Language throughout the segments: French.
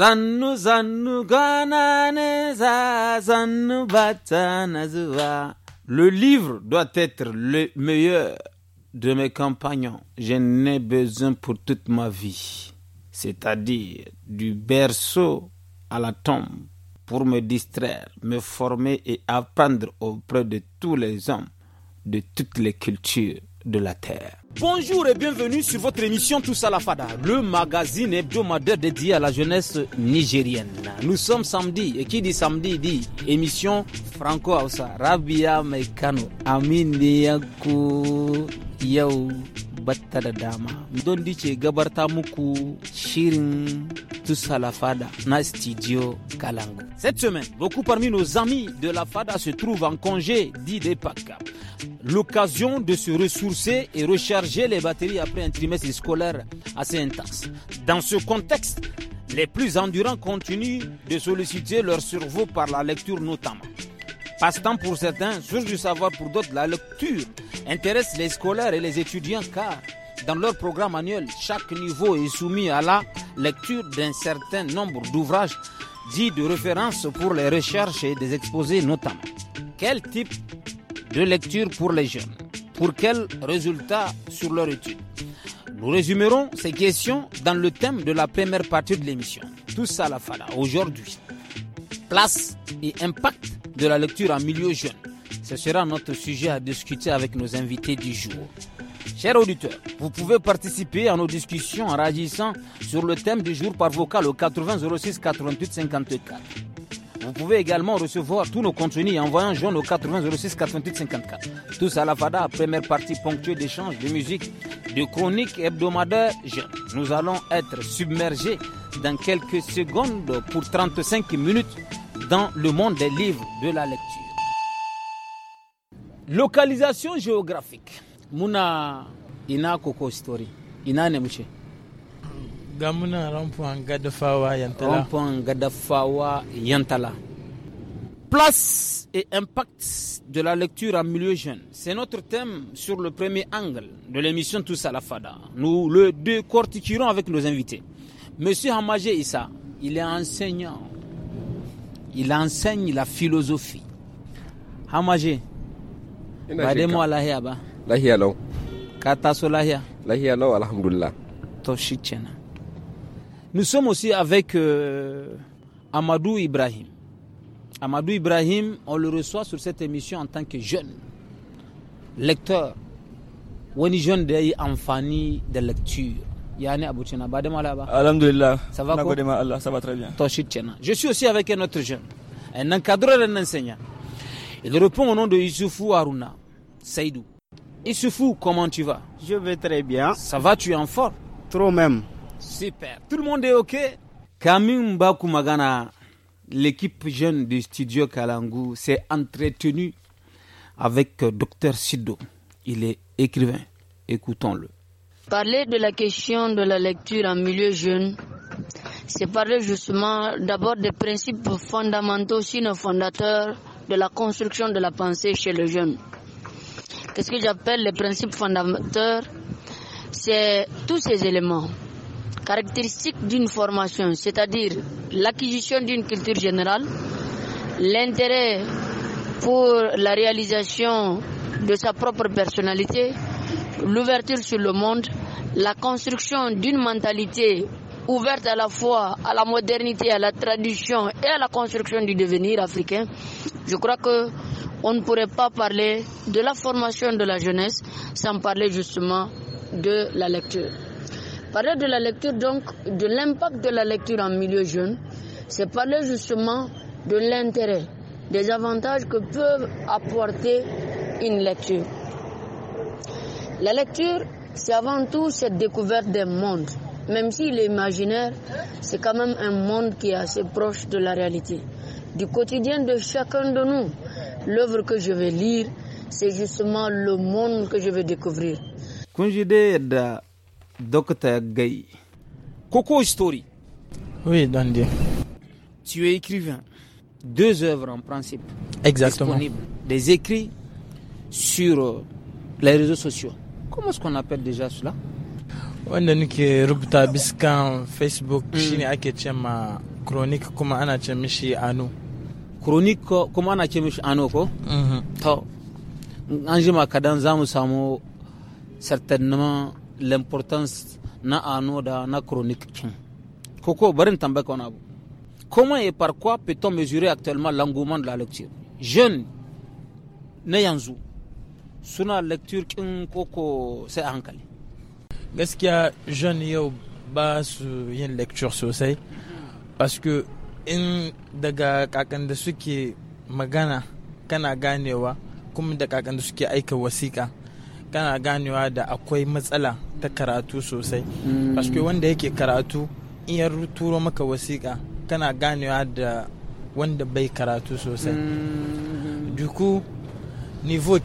Le livre doit être le meilleur de mes compagnons. Je n'ai besoin pour toute ma vie, c'est-à-dire du berceau à la tombe, pour me distraire, me former et apprendre auprès de tous les hommes de toutes les cultures de la terre. Bonjour et bienvenue sur votre émission Tous à la Fada, le magazine hebdomadaire dédié à la jeunesse nigérienne. Nous sommes samedi, et qui dit samedi dit émission Franco Aoussa, Rabia Mekano, Amin Yau fada cette semaine beaucoup parmi nos amis de la fada se trouvent en congé dit l'occasion de se ressourcer et recharger les batteries après un trimestre scolaire assez intense dans ce contexte les plus endurants continuent de solliciter leur cerveau par la lecture notamment Passe-temps pour certains, source du savoir pour d'autres, la lecture intéresse les scolaires et les étudiants car dans leur programme annuel, chaque niveau est soumis à la lecture d'un certain nombre d'ouvrages dits de référence pour les recherches et des exposés notamment. Quel type de lecture pour les jeunes Pour quels résultats sur leur étude Nous résumerons ces questions dans le thème de la première partie de l'émission. Tout ça la fala, aujourd'hui. Place et impact de la lecture en milieu jeune. Ce sera notre sujet à discuter avec nos invités du jour. Chers auditeurs, vous pouvez participer à nos discussions en réagissant sur le thème du jour par vocal au 80 06 88 54. Vous pouvez également recevoir tous nos contenus en envoyant jaune au 80 06 88 54. Tous à la FADA, première partie ponctuée d'échanges de musique, de chroniques hebdomadaires jeunes. Nous allons être submergés dans quelques secondes pour 35 minutes dans le monde des livres de la lecture. Localisation géographique. Muna ina story. Ina nemuche. Ga gadafawa yantala. Rampo gadafawa yantala. Place et impact de la lecture en milieu jeune. C'est notre thème sur le premier angle de l'émission Tous à la Fada. Nous le décortiquerons avec nos invités. Monsieur Hamage Issa, il est enseignant il enseigne la philosophie. Nous sommes aussi avec euh, Amadou Ibrahim. Amadou Ibrahim, on le reçoit sur cette émission en tant que jeune lecteur. est jeune d'ailleurs, Amfani de lecture alhamdulillah ça va très bien je suis aussi avec un autre jeune un encadreur un enseignant il répond au nom de Isufu Aruna Saïdou Issoufou comment tu vas je vais très bien ça va tu es en forme trop même super tout le monde est OK Kamim Bakumagana l'équipe jeune du studio Kalangu s'est entretenue avec euh, docteur Sido il est écrivain écoutons-le Parler de la question de la lecture en milieu jeune, c'est parler justement d'abord des principes fondamentaux, sinon fondateurs, de la construction de la pensée chez le jeune. Qu'est-ce que j'appelle les principes fondateurs C'est tous ces éléments caractéristiques d'une formation, c'est-à-dire l'acquisition d'une culture générale, l'intérêt pour la réalisation de sa propre personnalité, l'ouverture sur le monde, la construction d'une mentalité ouverte à la fois à la modernité, à la tradition et à la construction du devenir africain, je crois que on ne pourrait pas parler de la formation de la jeunesse sans parler justement de la lecture. Parler de la lecture donc, de l'impact de la lecture en milieu jeune, c'est parler justement de l'intérêt, des avantages que peut apporter une lecture. La lecture, c'est avant tout cette découverte d'un monde. Même s'il est imaginaire, c'est quand même un monde qui est assez proche de la réalité. Du quotidien de chacun de nous, l'œuvre que je vais lire, c'est justement le monde que je vais découvrir. Coco Story. Oui, Dandy. Tu es écrivain. Deux œuvres en principe. Exactement. Disponibles. Des écrits sur euh, les réseaux sociaux. Comment est-ce qu'on appelle déjà cela wanda nake rubuta biskan facebook hmm. shine ake ce ma chronic kuma ana ce mishi ano chronic kuma ana ce mishi ano ko mhm. to an jima kadan za mu samu certainement l'importance na anu da na chronic kin koko barin tambaye ka wani abu comment et par quoi peut-on mesurer actuellement l'engouement de la lecture jeune na yanzu suna lecture kin koko sai a hankali gaskiya jeune yau ba su yin lecture sosai paske in daga kakan da suke magana kana ganewa kuma da kakan da suke aika wasiƙa kana ganewa da akwai matsala ta karatu sosai mm. paske wanda yake karatu in ya turo maka wasiƙa kana ganewa da wanda bai karatu sosai mm. duku niveau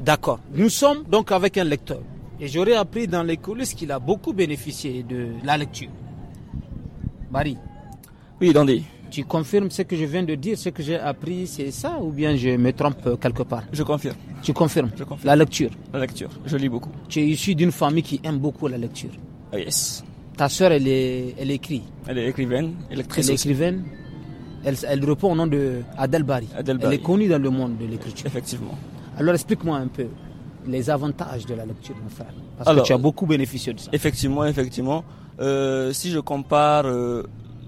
D'accord. Nous sommes donc avec un lecteur. Et j'aurais appris dans les coulisses qu'il a beaucoup bénéficié de la lecture. Barry. Oui, Dandy. Tu confirmes ce que je viens de dire, ce que j'ai appris, c'est ça ou bien je me trompe quelque part Je confirme. Tu confirmes La lecture La lecture, je lis beaucoup. Tu es issu d'une famille qui aime beaucoup la lecture. Ah, yes. Ta sœur, elle, elle écrit Elle est écrivaine, Elle est écrivaine, elle, elle répond au nom de Adelbari. Elle est connue dans le monde de l'écriture. Effectivement. Alors explique-moi un peu les avantages de la lecture, mon frère. Parce que tu as beaucoup bénéficié de ça. Effectivement, effectivement. Euh, si je compare euh,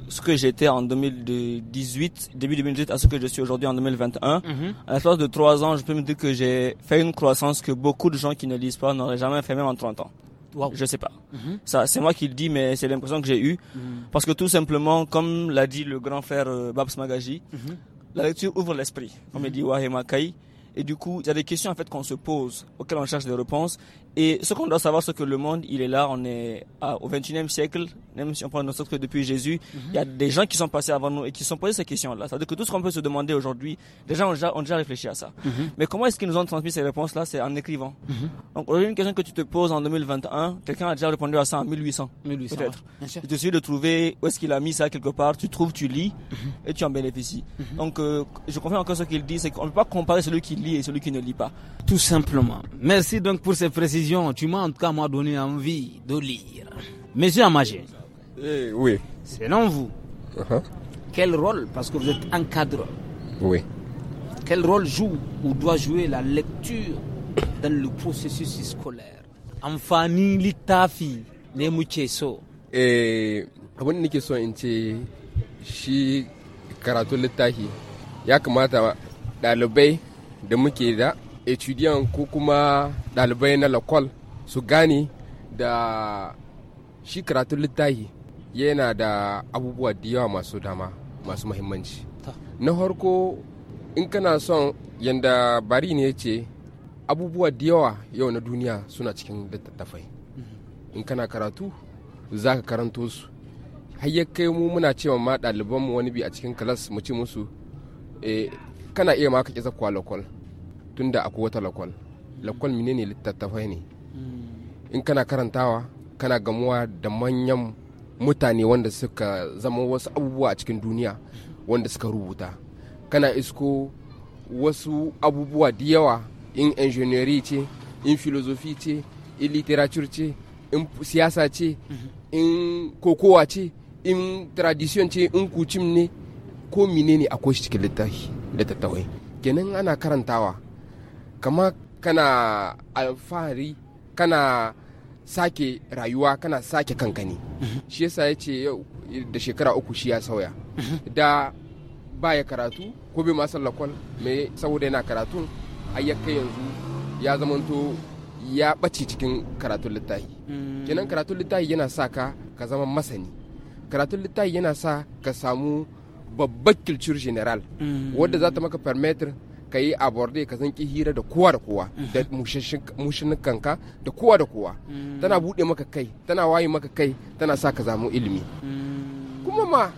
ce que j'étais en 2018, début 2018, à ce que je suis aujourd'hui en 2021, mhm. à l'espace de trois ans, je peux me dire que j'ai fait une croissance que beaucoup de gens qui ne lisent pas n'auraient jamais fait, même en 30 ans. Je Je sais pas. Mhm. Ça, c'est moi qui le dis, mais c'est l'impression que j'ai eue. Mhm. Parce que tout simplement, comme l'a dit le grand frère euh, Babs Magaji, mhm. la lecture ouvre l'esprit. On me dit Wahemakai. Et du coup, il y a des questions fait qu'on se pose, auxquelles on cherche des réponses. Et ce qu'on doit savoir, c'est que le monde, il est là, on est au 21e siècle, même si on prend notre que depuis Jésus, il y a des gens qui sont passés avant nous et qui se sont posés ces questions-là. C'est-à-dire que tout ce qu'on peut se demander aujourd'hui, les gens ont déjà, réfléchi à ça. Mhm. Mais comment est-ce qu'ils nous ont transmis ces réponses-là C'est en écrivant. Mhm. Donc aujourd'hui, une question que tu te poses en 2021, quelqu'un a déjà répondu à ça en 1800, 1800 peut-être. Tu de trouver où est-ce qu'il a mis ça quelque part, tu trouves, tu lis mhm. et tu en bénéficies. Donc euh, je confirme encore ce qu'il dit, c'est qu'on ne peut pas comparer celui qui lit et celui qui ne lit pas. Tout simplement. Merci donc pour ces précisions tu m'as en tout cas donné envie de lire. Monsieur Amagé, eh, oui. selon vous, uh-huh. quel rôle, parce que vous êtes encadreur oui. quel rôle joue ou doit jouer la lecture dans le processus scolaire Amfani tafi, ne mu so. Eh, abin da so in ce shi karatun littafi ya kamata le da muke etudiyan ko kuma dalibai na lakwal su gane da shi karatun littahi yana da abubuwa da yawa masu dama masu mahimmanci na harko in kana son yadda bari ne ce abubuwa da yawa yau na duniya suna cikin littattafai mhm. in kana karatu za ka karanto su har kai mu muna cewa ma ɗalibanmu wani bi a cikin kalas mu ce musu eh, kana iya ma ka ƙi zakwa tunda akwai wata lakwal lakwal ne littattafai ne in kana karantawa kana gamuwa da manyan mutane wanda suka zama wasu abubuwa a cikin duniya wanda suka rubuta kana isko wasu abubuwa da yawa in engineering ce in filozofi ce in literature ce in siyasa ce in kokowa ce in tradition ce in kucim ne ko mine ne akwai shi cikin littattafai. kenan ana karantawa kama kana alfahari kana sake rayuwa kana sake kankani. Mhm. shi yasa ya ce da shekara uku shi ya sauya mhm. da ba ya karatu ko bai masar lakwal mai saboda yana karatu ayyaka yanzu ya zamanto ya ɓace cikin karatun littafi mm. kenan karatun littafi yana sa ka ka zama masani karatun littafi yana sa ka samu babbar kilcur general mm. wadda za ta maka permitir ka yi aborde ka zanki hira da kowa da kowa mhm. da mushinukanka da kowa da kowa mm. tana buɗe maka kai tana waye maka kai tana sa ka zamu ilimi mm. kuma ma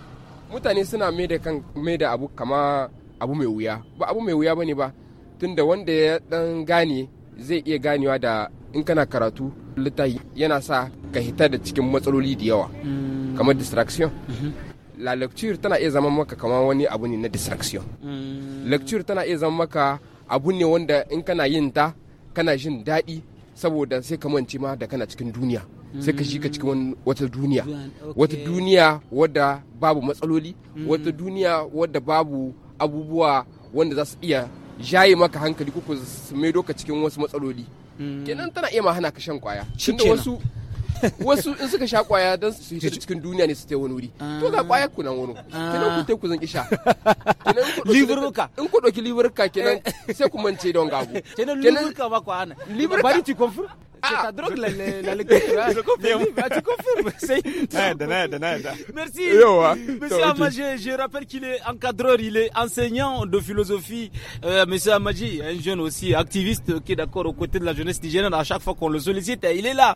mutane suna mai da abu kama abu mai wuya ba abu mai wuya ne ba tunda wanda ya dan gane zai iya ganewa da in kana karatu littafi yana sa ka hita da cikin matsaloli da yawa mm. kamar distraction mm-hmm. la lecture tana iya zama maka kamar wani abu ne na distraction mm. lecture tana iya zama maka abu ne wanda in kana yin ta kana jin daɗi saboda sai ka mance ma da kana cikin duniya sai ka shiga cikin wata duniya wata duniya wadda babu matsaloli mm. wata duniya wadda babu abubuwa wanda za su iya jaye maka hankali ko su maido ka cikin wasu matsaloli mm. kenan tana iya ma hana ka shan kwaya tunda wasu wasu in suka sha kwaya don su fita cikin duniya ne su ta wani wuri ah. to ga kwaya ku nan wani ah. kenan ku ta ku zan isha kenan liburka in ku ɗauki liburka kenan eh. sai ku mance don gabu kenan liburka ba ku hana liburka bari ti konfur c'est ah ta drogue, la, lecture. Je confirme. Bah, tu confirmes. Merci. Monsieur Amadji, je rappelle qu'il est encadreur, il est enseignant de philosophie. Euh, monsieur Amadji, un jeune aussi activiste qui est d'accord aux côtés de la jeunesse nigérienne. À chaque fois qu'on le sollicite, il est là.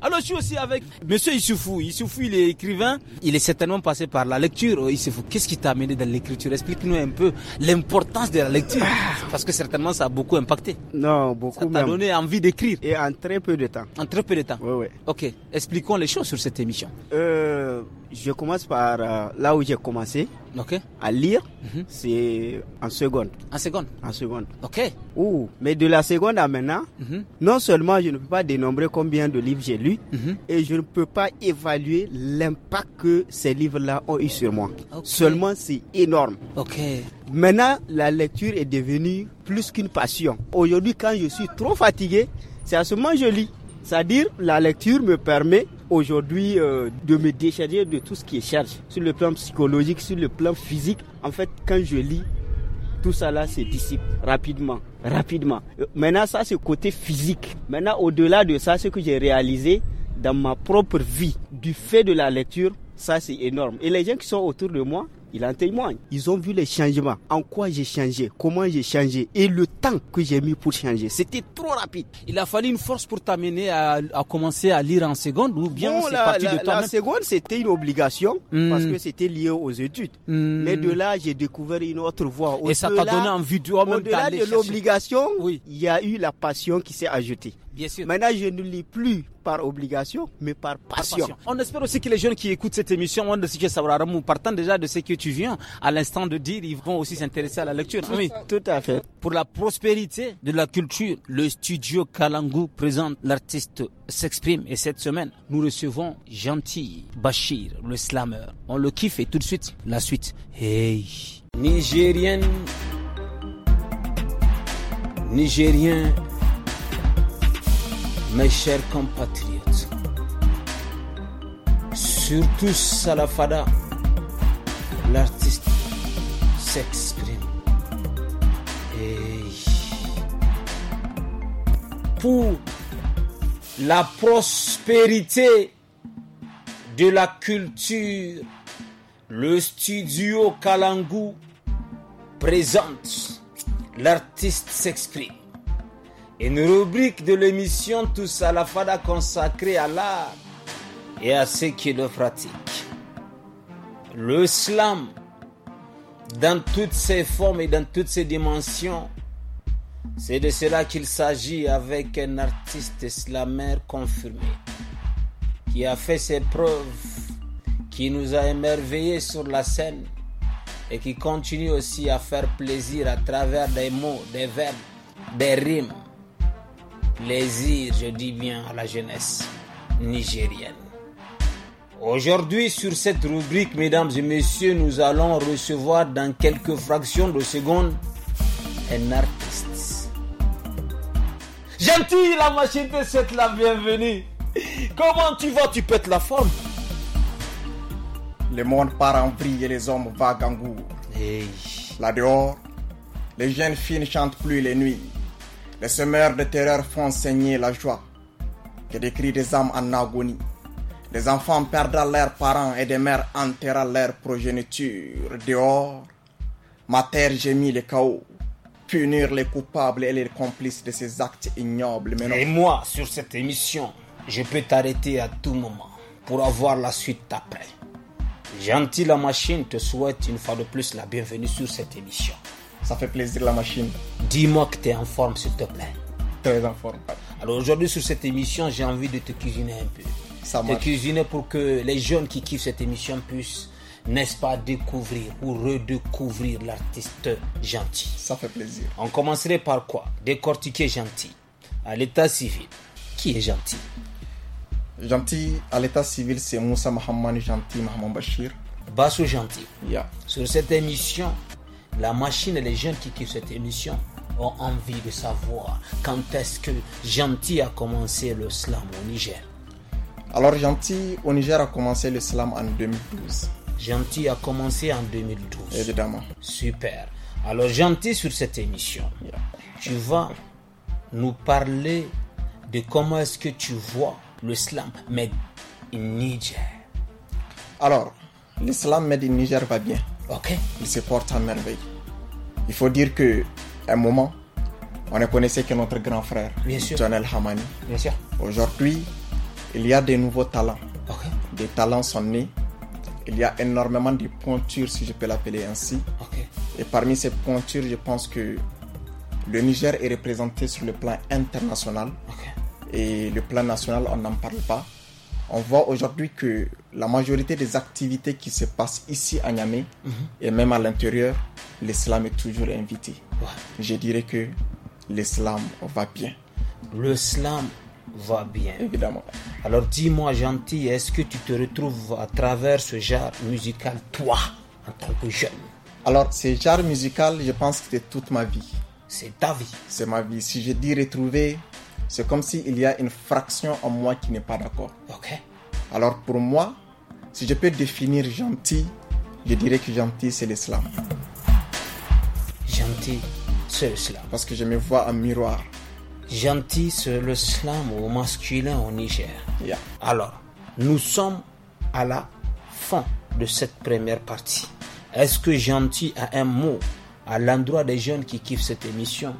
Alors, je suis aussi avec monsieur Issoufou. Issoufou, il est écrivain. Il est certainement passé par la lecture. Oh, Issoufou, qu'est-ce qui t'a amené dans l'écriture Explique-nous un peu l'importance de la lecture. Ah. Parce que certainement, ça a beaucoup impacté. Non, beaucoup. Ça t'a donné envie d'écrire. Et en très peu de temps. En très peu de temps Oui, oui. Ok, expliquons les choses sur cette émission. Euh, je commence par euh, là où j'ai commencé Ok. à lire, mhm. c'est en seconde. En seconde En seconde. Ok. Ouh. Mais de la seconde à maintenant, mhm. non seulement je ne peux pas dénombrer combien de livres j'ai lus, mhm. et je ne peux pas évaluer l'impact que ces livres-là ont eu sur moi. Seulement, c'est énorme. Ok. Maintenant, la lecture est devenue plus qu'une passion. Aujourd'hui, quand je suis trop fatigué, c'est à ce moment que je lis. C'est-à-dire, la lecture me permet aujourd'hui euh, de me décharger de tout ce qui est charge, sur le plan psychologique, sur le plan physique. En fait, quand je lis, tout ça là se dissipe rapidement, rapidement. Euh, maintenant, ça c'est côté physique. Maintenant, au-delà de ça, ce que j'ai réalisé dans ma propre vie, du fait de la lecture, ça c'est énorme. Et les gens qui sont autour de moi, il en témoigne. Ils ont vu les changements, en quoi j'ai changé, comment j'ai changé et le temps que j'ai mis pour changer. C'était trop rapide. Il a fallu une force pour t'amener à, commencer à lire en seconde ou bien c'est parti de toi-même. La seconde, c'était une obligation hmm. parce que c'était lié aux études. Hmm. Mais de là, j'ai découvert une autre voie. Au et ça t'a donné envie de oh, Au-delà de l'obligation, il y a eu la passion qui s'est ajoutée. Maintenant, je ne lis plus par obligation, mais par passion. On espère aussi que les jeunes qui écoutent cette émission, partant déjà de ce que tu viens à l'instant de dire, ils vont aussi s'intéresser à la lecture. oui, tout à fait. Pour la prospérité de la culture, le studio Kalangu présente l'artiste s'exprime et cette semaine, nous recevons Gentil Bachir, le slammer. On le kiffe et tout de suite, la suite. Hey. Nigérien, Nigérien mes chers compatriotes, surtout Salafada, l'artiste s'exprime. Et pour la prospérité de la culture, le studio Kalangu présente l'artiste s'exprime une rubrique de l'émission Tous à la Fada consacrée à l'art et à ce qui le pratique Le slam, dans toutes ses formes et dans toutes ses dimensions, c'est de cela qu'il s'agit avec un artiste slammer confirmé, qui a fait ses preuves, qui nous a émerveillés sur la scène et qui continue aussi à faire plaisir à travers des mots, des verbes, des rimes plaisir, je dis bien, à la jeunesse nigérienne. Aujourd'hui, sur cette rubrique, mesdames et messieurs, nous allons recevoir dans quelques fractions de secondes un artiste. Gentil, la machine de cette la bienvenue. Comment tu vas, tu pètes la forme Le monde part en vrille et les hommes vaguent en goût. Là dehors, les jeunes filles ne chantent plus les nuits. Les semeurs de terreur font saigner la joie que décrit des âmes en agonie. Des enfants perdant leurs parents et des mères enterrant leur progéniture. Dehors, ma terre gémit le chaos. Punir les coupables et les complices de ces actes ignobles. Et moi, sur cette émission, je peux t'arrêter à tout moment pour avoir la suite après. Gentil la machine te souhaite une fois de plus la bienvenue sur cette émission. Ça fait plaisir la machine. Dis-moi que tu es en forme, s'il te plaît. Très en forme. Alors aujourd'hui sur cette émission, j'ai envie de te cuisiner un peu. Ça marche. Te cuisiner pour que les jeunes qui kiffent cette émission puissent, n'est-ce pas, découvrir ou redécouvrir l'artiste gentil. Ça fait plaisir. On commencerait par quoi Décortiquer gentil. À l'état civil, qui est gentil Gentil, à l'état civil, c'est Moussa Mohamed Gentil Mohamed Bachir. Basso Gentil. Yeah. Sur cette émission, la machine et les gens qui quittent cette émission ont envie de savoir quand est-ce que Gentil a commencé le slam au Niger. Alors Gentil au Niger a commencé le slam en 2012. Gentil a commencé en 2012. Évidemment. Super. Alors Gentil sur cette émission, tu vas nous parler de comment est-ce que tu vois le slam made in Niger. Alors, le Slam made in Niger va bien il se porte en merveille. Il faut dire que un moment, on ne connaissait que notre grand frère, John El Aujourd'hui, il y a de nouveaux talents. Des talents sont nés. Il y a énormément de pointures, si je peux l'appeler ainsi. Et parmi ces pointures, je pense que le Niger est représenté sur le plan international. Et le plan national, on n'en parle pas on voit aujourd'hui que la majorité des activités qui se passent ici à Niamey mhm. et même à l'intérieur, l'islam est toujours invité. Je dirais que l'islam va bien. L'islam va bien. Évidemment. Alors dis-moi, gentil, est-ce que tu te retrouves à travers ce genre musical, toi, en tant que jeune Alors, ce genre musical, je pense que c'est toute ma vie. C'est ta vie. C'est ma vie. Si je dis retrouver, c'est comme s'il y a une fraction en moi qui n'est pas d'accord. Ok. Alors pour moi, si je peux définir gentil, je dirais que gentil, c'est l'islam. Gentil, c'est l'islam. Parce que je me vois en miroir. Gentil, c'est l'islam au masculin au Niger. Yeah. Alors, nous sommes à la fin de cette première partie. Est-ce que gentil a un mot à l'endroit des jeunes qui kiffent cette émission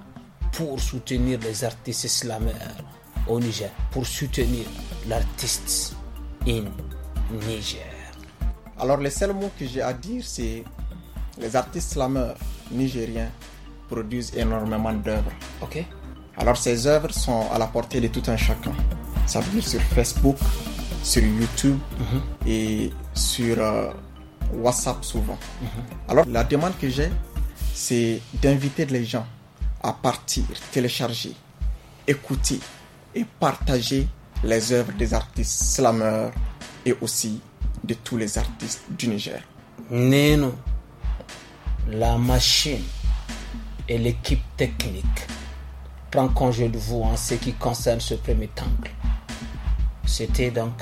pour soutenir les artistes slameurs au Niger, pour soutenir l'artiste in Niger. Alors le seul mot que j'ai à dire, c'est les artistes slameurs nigériens produisent énormément d'œuvres. Ok. Alors ces œuvres sont à la portée de tout un chacun. Ça veut dire sur Facebook, sur YouTube mhm. et sur euh, WhatsApp souvent. Mhm. Alors la demande que j'ai, c'est d'inviter les gens à partir, télécharger, écouter et partager les œuvres des artistes slameurs et aussi de tous les artistes du Niger. Neno, la machine et l'équipe technique prend congé de vous en ce qui concerne ce premier temple. C'était donc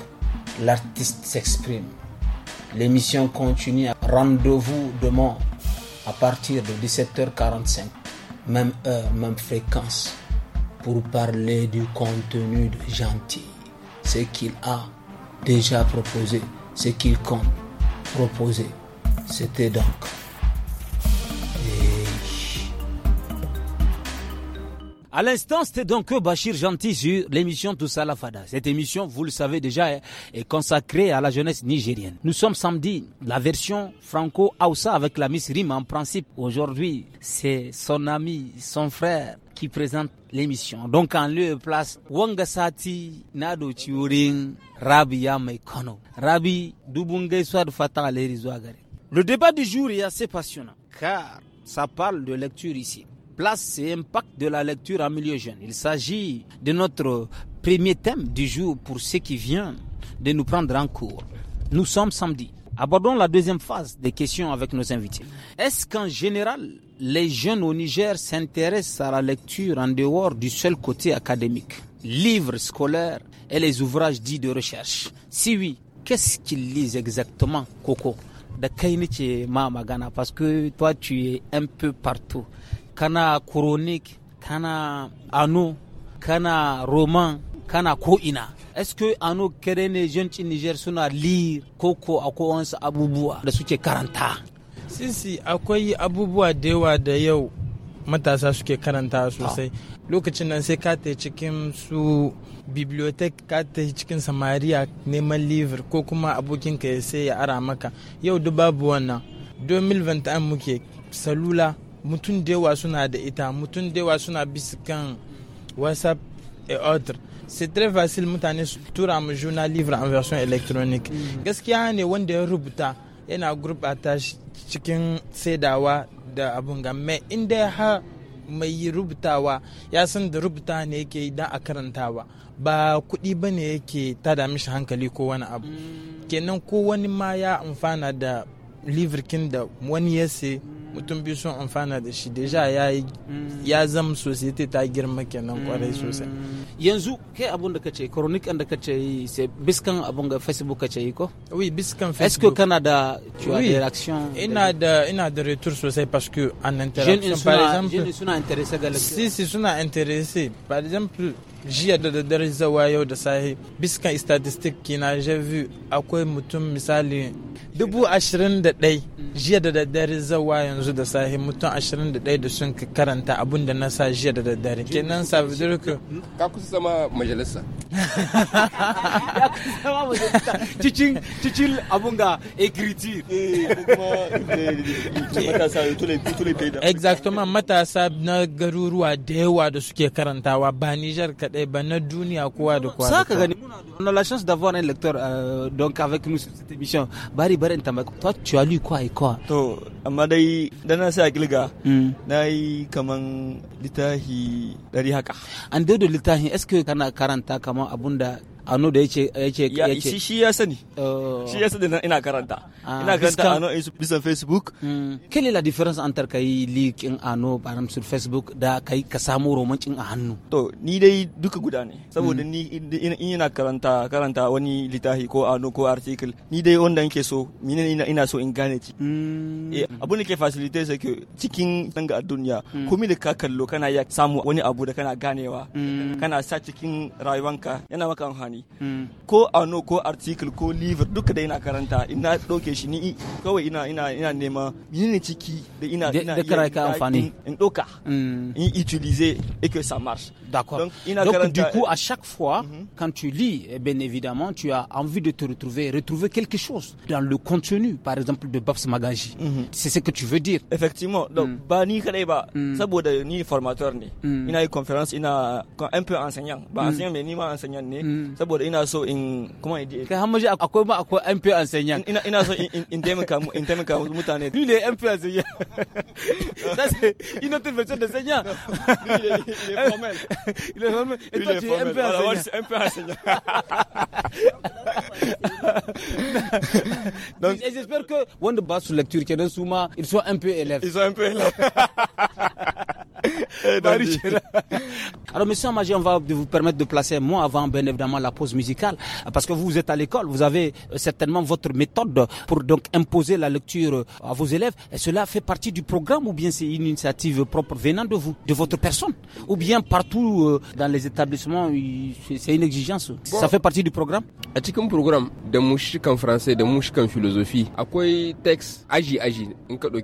l'artiste s'exprime. L'émission continue. à Rendez-vous demain à partir de 17h45 même heure, même fréquence, pour parler du contenu de gentil, ce qu'il a déjà proposé, ce qu'il compte proposer. C'était donc À l'instant, c'était donc Bachir Gentil sur l'émission Tout la Fada. Cette émission, vous le savez déjà, hein, est consacrée à la jeunesse nigérienne. Nous sommes samedi, la version franco-aoussa avec la Miss Rim en principe. Aujourd'hui, c'est son ami, son frère qui présente l'émission. Donc en lieu et place, Wangasati Nado Rabi Yamekono. Rabi Dubungay Swad Fatah Le débat du jour est assez passionnant car ça parle de lecture ici place, et impact de la lecture en milieu jeune. Il s'agit de notre premier thème du jour pour ceux qui viennent de nous prendre en cours. Nous sommes samedi. Abordons la deuxième phase des questions avec nos invités. Est-ce qu'en général, les jeunes au Niger s'intéressent à la lecture en dehors du seul côté académique, livres scolaires et les ouvrages dits de recherche Si oui, qu'est-ce qu'ils lisent exactement, Coco de Kainichi parce que toi, tu es un peu partout. kana kuronik kana anu kana roman kana ko'ina eske anu kere ne jonci niger suna lire koko akwai wasu abubuwa da suke karanta sisi akwai abubuwa da yawa da yau matasa suke karanta sosai ah. lokacin nan sai ka ta cikin su bibliotek ka ta cikin samaria neman livir ko kuma abokinka ya sai ya ara maka yau duk babu wannan 2021 muke salula mutum da yawa suna da ita mutum da yawa suna bisa kan whatsapp et order c'est très facile mutane su tura mu juna livre en version électronique mm. gaskiya ne wanda ya rubuta yana gurbata cikin saidawa da abun ga mai inda ha mai rubutawa ya san da rubuta ne yake don a karantawa ba kuɗi ba ne yake tada mishi hankali ko wani abu mm. kenan ko wani ma ya amfana da livrikin da wani ya sai mutum biyu sun amfana da shi deja ya mm. ya zama society ta girma kenan kwarai mm. sosai yanzu kai abun da ce chronic da ka ce yi sai biskan abun ga facebook ka ce yi ko oui biskan facebook est-ce que kana da tu as des réactions ina da ina da retour sosai parce que en interaction par exemple jeunes suna interesse ga si si suna interesse. par exemple jiya da daddare zawa yau da sahi biskan statistique kina je vu akwai mutum misali dubu ashirin da ɗai jiya da daddare zawa yanzu da sahi mutum 21 da sun karanta abun da na sa jiya da daddare kenan sabidir ka ka kusa zama majalisa cikin cikin abun ga ekriti eh, eh, exactement matasa na garuruwa da yawa da suke karantawa ba Niger kadai ba na duniya kowa da kowa saka gani on a la chance d'avoir un lecteur euh, donc avec nous cette émission bari bari tamako toi tu as lu quoi et quoi fa to amma dai da na sa kilga mm. na yi kaman littafi dari haka an daido littafin eske kana karanta kaman abun da ano da yake yake yake shi ya sani oh. shi ya sani ina karanta ah, ina karanta ano in bisa facebook quelle hmm. la difference antar kai leak in ano baram sur facebook da kai ka samu romancin a hannu to ni dai duka guda ne saboda hmm. ni in ina karanta karanta wani litahi ko ano ko article ni dai wanda nake so mine ina ina so in gane ci hmm. eh, abun da ke facilitate sai ke cikin tanga a duniya komai da ka kallo kana ya samu wani abu da kana ganewa kana sa cikin rayuwanka yana maka amfani amfani hmm. ko ano ko article ko livre duka da ina karanta ina ɗauke shi ni kawai ina ina ina nema menene ciki da ina ina da kara ka amfani in in hmm. utiliser et que ça marche d'accord donc, ina donc du coup à chaque fois mhm. quand tu lis eh bien évidemment tu as envie de te retrouver retrouver quelque chose dans le contenu par exemple de Babs Magaji mhm. c'est ce que tu veux dire effectivement donc mm. ba ni kadai ba saboda hmm. ni formateur ne ina yi conférence ina un peu enseignant ba enseignant mais ni ma enseignant ne saboda ina so in kuma in kai akwai un peu enseignant. ina so in in mutane une version il est il est formel il est formel et enseignant donc j'espère que bas sur lecture un peu ils sont un peu élèves eh, Alors, monsieur Amagé, on va vous permettre de placer moi avant, bien évidemment, la pause musicale. Parce que vous êtes à l'école, vous avez euh, certainement votre méthode pour donc imposer la lecture euh, à vos élèves. Et cela fait partie du programme ou bien c'est une initiative propre venant de vous, de votre personne Ou bien partout euh, dans les établissements, c'est une exigence Ça fait partie du programme C'est un programme, de mouchik en français, de mouchik en philosophie, quoi texte aji aji,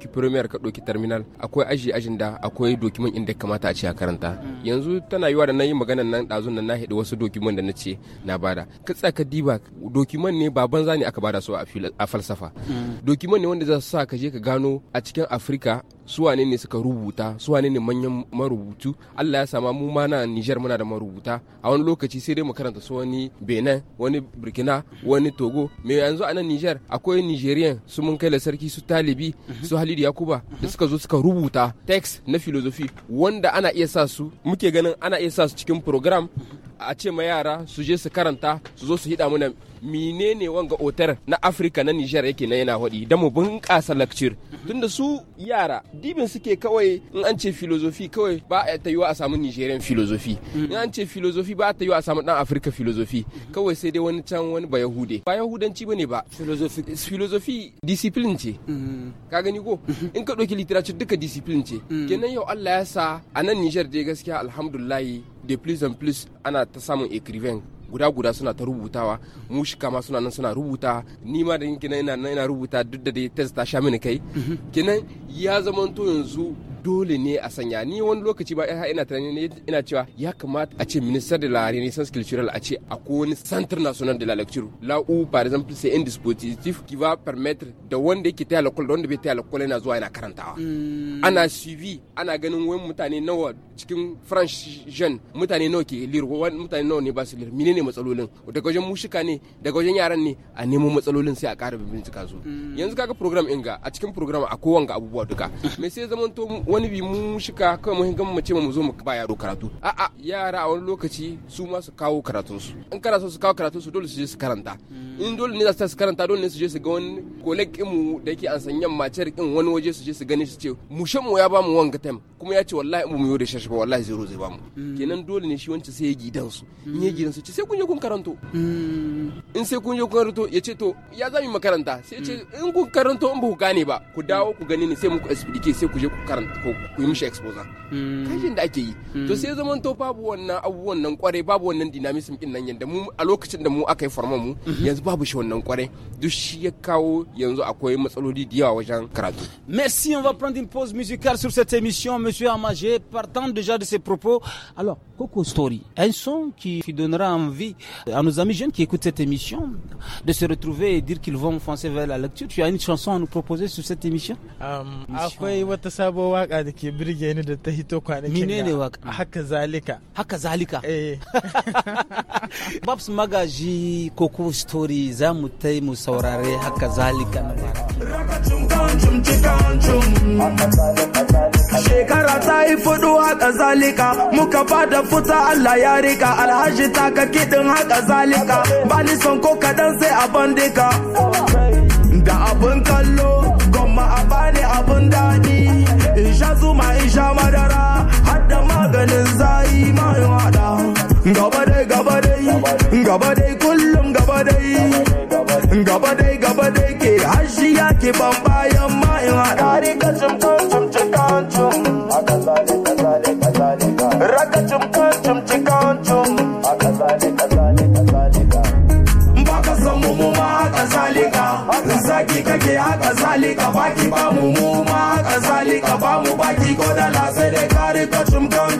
qui première, qui terminale. terminal, quoi aji agenda? a quoi document inda kamata a ce a karanta yanzu tana yiwa da na yi maganan nan ɗazun nan na haɗu wasu dokiman da na ce na bada ka tsaka diba dokiman ne ba banza ne aka bada su a falsafa mm. dokiman ne wanda za su sa ka je ka gano a cikin afirka su wane ne suka rubuta su wane ne manyan marubutu Allah ya sama mu ma na Niger muna da marubuta a wani lokaci sai dai mu karanta su wani Benin wani Burkina wani Togo me yanzu a nan Niger akwai Nigerian su mun kai sarki su Talibi mhm. su Halidu Yakuba da mhm. suka zo suka rubuta text na philosophy wanda ana iya sa su muke ganin ana iya sa su cikin program mhm. a ce ma yara su je su karanta su zo su hida muna menene wanga otar na afirka na nijar yake na yana hodi da mu bunƙasa lecture tunda su yara dibin suke kawai in an ce filozofi kawai ba a ta a samu nigerian filozofi in an ce filozofi ba a ta a samu dan afirka filozofi kawai sai dai wani can wani ba yahude ba yahudanci bane ba filozofi discipline ce mm-hmm. ka gani ko mm-hmm. in ka ɗauki literature duka discipline ce mm. kenan yau Allah ya sa a nan nijar dai gaskiya alhamdulillah de plus en plus ana ta samun écrivain guda guda suna ta rubutawa mu shi ma suna nan suna rubuta ni ma da kenan ina nan ina rubuta duk da dai test ta sha mini kai mhm. kinan ya to yanzu dole ne a sanya ni wani lokaci ba ina tunanin ina cewa ya kamata a ce minister de la renaissance culturelle a ce ko wani centre national de la lecture la ou par exemple c'est un dispositif qui va permettre da wanda yake taya lakol da wanda bai taya lakol yana zuwa yana karantawa mm. ana suivi ana ganin wani mutane nawa cikin french jeune mutane nawa ke lire wani mutane nawa ne ba su lire menene matsalolin daga wajen mushika ne daga wajen yaran ne a nemo matsalolin sai a ƙara bincika su mm. yanzu kaga program inga a cikin program a kowanne abubuwa duka me sai zaman to wani bi mushika kawai mun gama ce mu zo mu ba yaro karatu a yara a wani lokaci su ma su kawo su in kana so su kawo su dole su je su karanta mm. in dole ne za su karanta dole ne su je su ga wani koleg mu da yake an sanyan macer kin wani waje su je su gani su ce mu mu ya bamu wanga time kuma ya ce wallahi mu yau da shashi ba wallahi zero zai bamu mm. kenan dole ne shi wance sai ya gidan su in ya mm. gidan su ce sai kun je kun karanto mm. in sai kun je kun karanto ya ce to ya zami makaranta sai ce in kun karanto in ba ku gane ba ku dawo ku gani ne sai muku explique sai ku je ku karanta ku yi mishi exposure kashin da ake yi to sai zaman to babu wannan abubuwan nan kware babu wannan dynamism din nan yanda mu a lokacin da mu aka yi forman mu mm-hmm. yanzu merci on va prendre une pause musicale sur cette émission monsieur Amager. partant déjà de ses propos alors Coco Story un son qui, donnera envie à nos amis jeunes qui écoutent cette émission de se retrouver et dire qu'ils vont foncer vers la lecture tu as une chanson à nous proposer sur cette émission ne haka zalika haka eh. magaji Coco Story bari za mu tai mu saurare haka zalika na Shekara ta yi fudu haka zalika muka bada futa Allah ya rika alhaji ta ka kidin haka zalika ba ni son ko kaɗan sai a bandika da abin kallo goma a bani abin daɗi in sha zuma in sha madara hadda maganin zayi ma gaba dai gaba dai gaba dai kullum gaba dai gaba dai gaba dai ke ya ke ban bayan ma in ka kacin kancin cikancin rakacin kancin cikancin baka san mu mu ma haka zalika zaki kake haka zalika baki ba mu mu ma haka zalika ba mu baki ko da la sai dai ka kacin kancin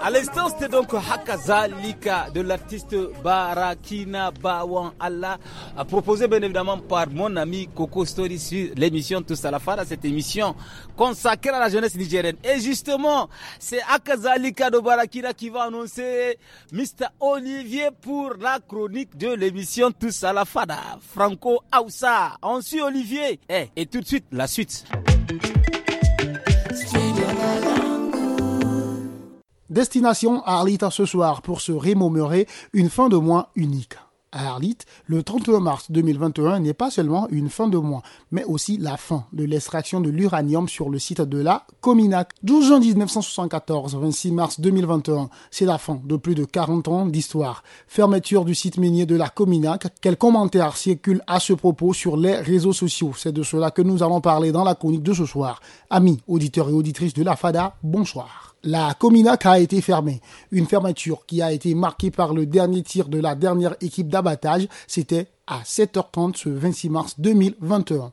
à l'instant c'était donc Hakazalika de l'artiste Barakina Bawan Allah proposé bien évidemment par mon ami Coco Story sur l'émission Tous à la Fada, cette émission consacrée à la jeunesse nigérienne et justement c'est Hakazalika de Barakina qui va annoncer Mr Olivier pour la chronique de l'émission Tous à la Fada Franco Aoussa on suit Olivier eh, et tout suite la suite. Destination à Arlita ce soir pour se remémorer une fin de mois unique à Arlit, le 31 mars 2021 n'est pas seulement une fin de mois, mais aussi la fin de l'extraction de l'uranium sur le site de la Cominac. 12 janvier 1974, 26 mars 2021, c'est la fin de plus de 40 ans d'histoire. Fermeture du site minier de la Cominac, quels commentaires circulent à ce propos sur les réseaux sociaux C'est de cela que nous allons parler dans la chronique de ce soir. Amis, auditeurs et auditrices de la FADA, bonsoir la Cominac a été fermée. Une fermeture qui a été marquée par le dernier tir de la dernière équipe d'abattage. C'était à 7h30 ce 26 mars 2021.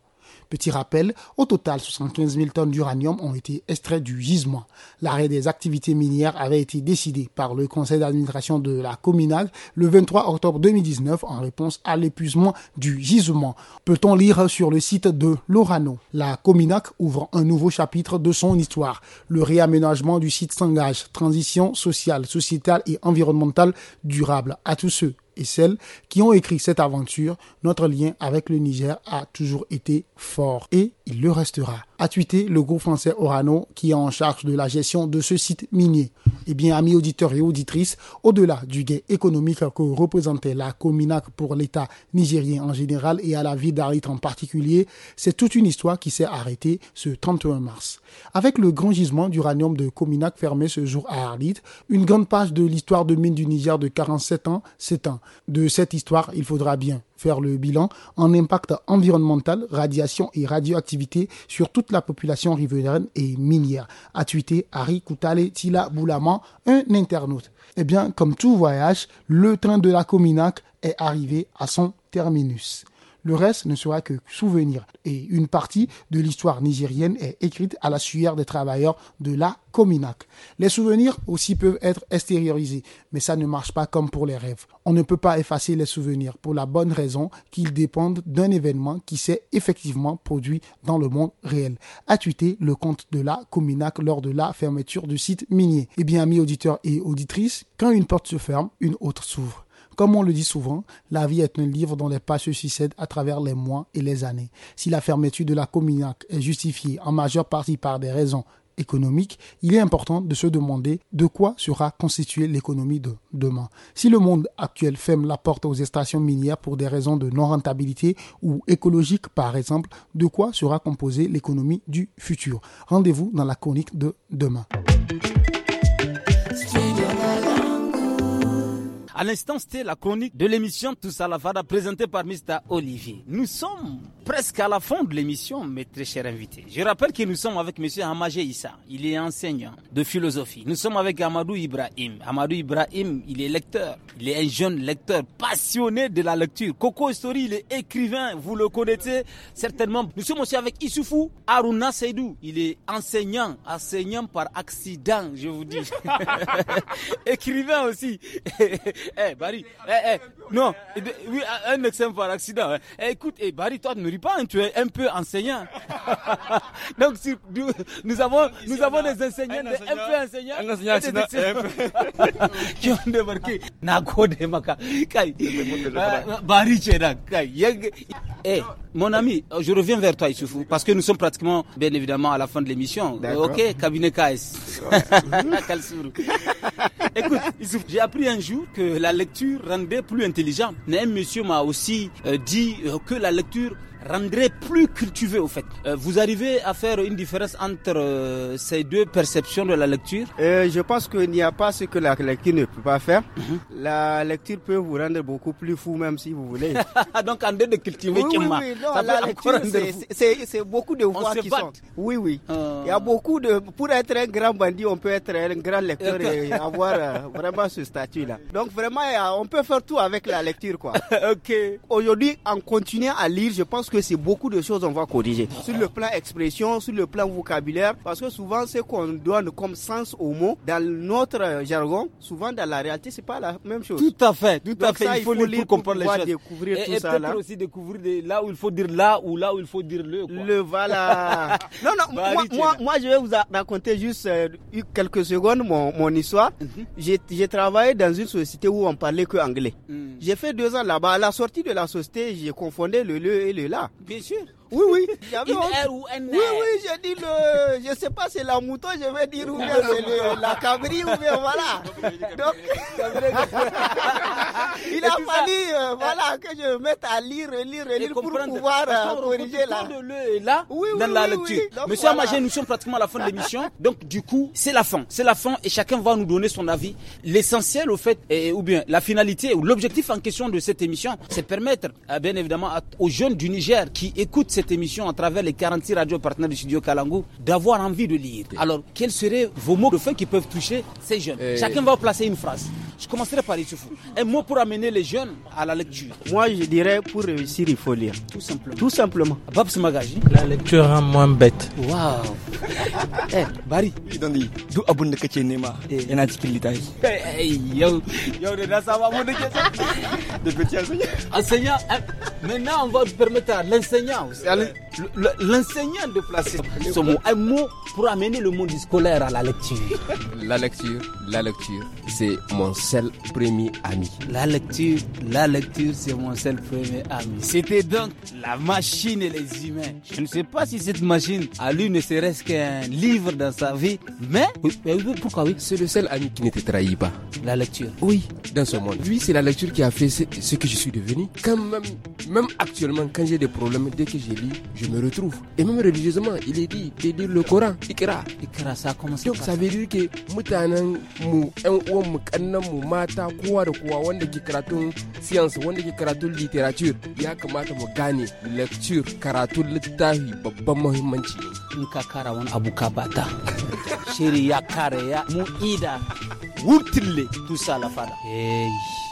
Petit rappel, au total, 75 000 tonnes d'uranium ont été extraites du gisement. L'arrêt des activités minières avait été décidé par le conseil d'administration de la Cominac le 23 octobre 2019 en réponse à l'épuisement du gisement. Peut-on lire sur le site de l'Orano La Cominac ouvre un nouveau chapitre de son histoire. Le réaménagement du site s'engage. Transition sociale, sociétale et environnementale durable. À tous ceux et celles qui ont écrit cette aventure, notre lien avec le Niger a toujours été fort et il le restera. A tweeté le groupe français Orano qui est en charge de la gestion de ce site minier. Eh bien, amis auditeurs et auditrices, au-delà du gain économique que représentait la Cominac pour l'État nigérien en général et à la ville d'Arlit en particulier, c'est toute une histoire qui s'est arrêtée ce 31 mars. Avec le grand gisement d'uranium de Cominac fermé ce jour à Arlit, une grande page de l'histoire de mine du Niger de 47 ans s'éteint. De cette histoire, il faudra bien faire le bilan en impact environnemental, radiation et radioactivité sur toute la population riveraine et minière, a tweeté Harry Koutale Tila Boulaman, un internaute. Eh bien, comme tout voyage, le train de la Cominac est arrivé à son terminus. Le reste ne sera que souvenir. Et une partie de l'histoire nigérienne est écrite à la sueur des travailleurs de la Cominac. Les souvenirs aussi peuvent être extériorisés, mais ça ne marche pas comme pour les rêves. On ne peut pas effacer les souvenirs pour la bonne raison qu'ils dépendent d'un événement qui s'est effectivement produit dans le monde réel. A tuité le compte de la Cominac lors de la fermeture du site minier. Eh bien, amis auditeurs et auditrices, quand une porte se ferme, une autre s'ouvre. Comme on le dit souvent, la vie est un livre dont les pas se succèdent à travers les mois et les années. Si la fermeture de la Cominac est justifiée en majeure partie par des raisons économiques, il est important de se demander de quoi sera constituée l'économie de demain. Si le monde actuel ferme la porte aux stations minières pour des raisons de non-rentabilité ou écologique par exemple, de quoi sera composée l'économie du futur Rendez-vous dans la chronique de demain. À l'instant, c'était la chronique de l'émission Tous à la Fada présentée par Mr. Olivier. Nous sommes presque à la fin de l'émission, mes très chers invités. Je rappelle que nous sommes avec M. Hamadé Issa. Il est enseignant de philosophie. Nous sommes avec Amadou Ibrahim. Amadou Ibrahim, il est lecteur. Il est un jeune lecteur passionné de la lecture. Coco Story, il est écrivain. Vous le connaissez certainement. Nous sommes aussi avec Issoufou Aruna Seydou. Il est enseignant, enseignant par accident, je vous dis. écrivain aussi. hey, buddy. Hey, hey, Non, oui, un exemple par accident. Hein. Eh, écoute, eh, Barry, toi, ne ris pas, hein, tu es un peu enseignant. Donc, si, nous, avons, nous avons des enseignants, des un peu enseignants, un enseignant, des peu. qui ont débarqué. Maka, ah, Barry Chedak, Eh, mon ami, je reviens vers toi, Issoufou, parce que nous sommes pratiquement, bien évidemment, à la fin de l'émission. Ok, cabinet KS. Écoute, Issoufou, j'ai appris un jour que la lecture rendait plus intéressante. Mais un monsieur m'a aussi euh, dit euh, que la lecture rendrait plus cultivé au fait. Euh, vous arrivez à faire une différence entre euh, ces deux perceptions de la lecture euh, Je pense qu'il n'y a pas ce que la lecture ne peut pas faire. Mhm. La lecture peut vous rendre beaucoup plus fou même si vous voulez. Donc en deux de cultiver ça la c'est beaucoup de voix qui sont. Oui, oui. Il y a beaucoup de... Pour être un grand bandit, on peut être un grand lecteur et avoir vraiment ce statut-là. Donc vraiment, on peut faire tout avec la lecture. quoi. ok. Aujourd'hui, en continuant à lire, je pense que que c'est beaucoup de choses qu'on va corriger. Sur le plan expression, sur le plan vocabulaire, parce que souvent ce qu'on donne comme sens au mot, dans notre jargon, souvent dans la réalité, c'est pas la même chose. Tout à fait, tout à fait. Ça, il faut, lire pour comprendre les choses. Découvrir et, et peut-être aussi découvrir là où il faut dire là ou là où il faut dire le. Le voilà. non, non, moi, moi, moi, je vais vous raconter juste euh, quelques secondes mon, mon histoire. Mhm. J'ai travaillé dans une société où on parlait que anglais. Mm. J'ai fait deux ans là-bas. À la sortie de la société, j'ai confondu le le et le là. Bişir. Oui, oui. une ou Oui, oui, je dis le. Je sais pas, c'est la mouton, je vais dire, ou bien c'est le... la cabri, ou bien voilà. Donc, il a fallu, euh, voilà, que je mette à lire, lire, lire pour pouvoir euh, corriger là. là dans la lecture. Monsieur Amagé, nous sommes pratiquement à la fin de l'émission. Donc, du coup, c'est la fin. C'est la fin et chacun va nous donner son avis. L'essentiel, au fait, ou bien la finalité, ou l'objectif en question de cette émission, c'est permettre, euh, bien évidemment, aux jeunes du Niger qui écoutent cette émission à travers les 46 radios partenaires du studio Kalangou, d'avoir envie de lire. Alors, quels seraient vos mots de fin qui peuvent toucher ces jeunes euh. Chacun va placer une phrase. Je commencerai par Issoufou. Un mot pour amener les jeunes à la lecture. Moi, je dirais pour réussir, il faut lire. Tout simplement. Tout simplement. Babs Magaji. La lecture rend moins bête. Waouh. Eh, Bari. dis. Du abun da kake nema Et Hey yo, yo petit enseignant. Eh. Maintenant, on va permettre à l'enseignant l'enseignant de placer ce mot, un mot pour amener le monde scolaire à la lecture. La lecture, la lecture, c'est mon seul premier ami. La lecture, la lecture, c'est mon seul premier ami. C'était donc la machine et les humains. Je ne sais pas si cette machine a lu ne serait-ce qu'un livre dans sa vie, mais pourquoi oui C'est le seul ami qui ne te trahit pas. La lecture. Oui, dans ce monde. Lui, c'est la lecture qui a fait ce que je suis devenu. Quand même, même actuellement, quand j'ai des problèmes, dès que j'ai il dit je me retrouve. Et même religieusement, il est dit de lire le Coran, Ikra. Ikra, ça commence Donc ça veut dire que mutanan mu, ƴan wom kanam mu, mata, kowa da kowa wanda ke karatun science, wanda ke karatun literature, ya kamata mu gane lecture, karatun littafi babban muhimmanci ne. In ka kara wani abu ka bata. Shiri ya kare ya mu ida wurtille tusa lafada. Hey.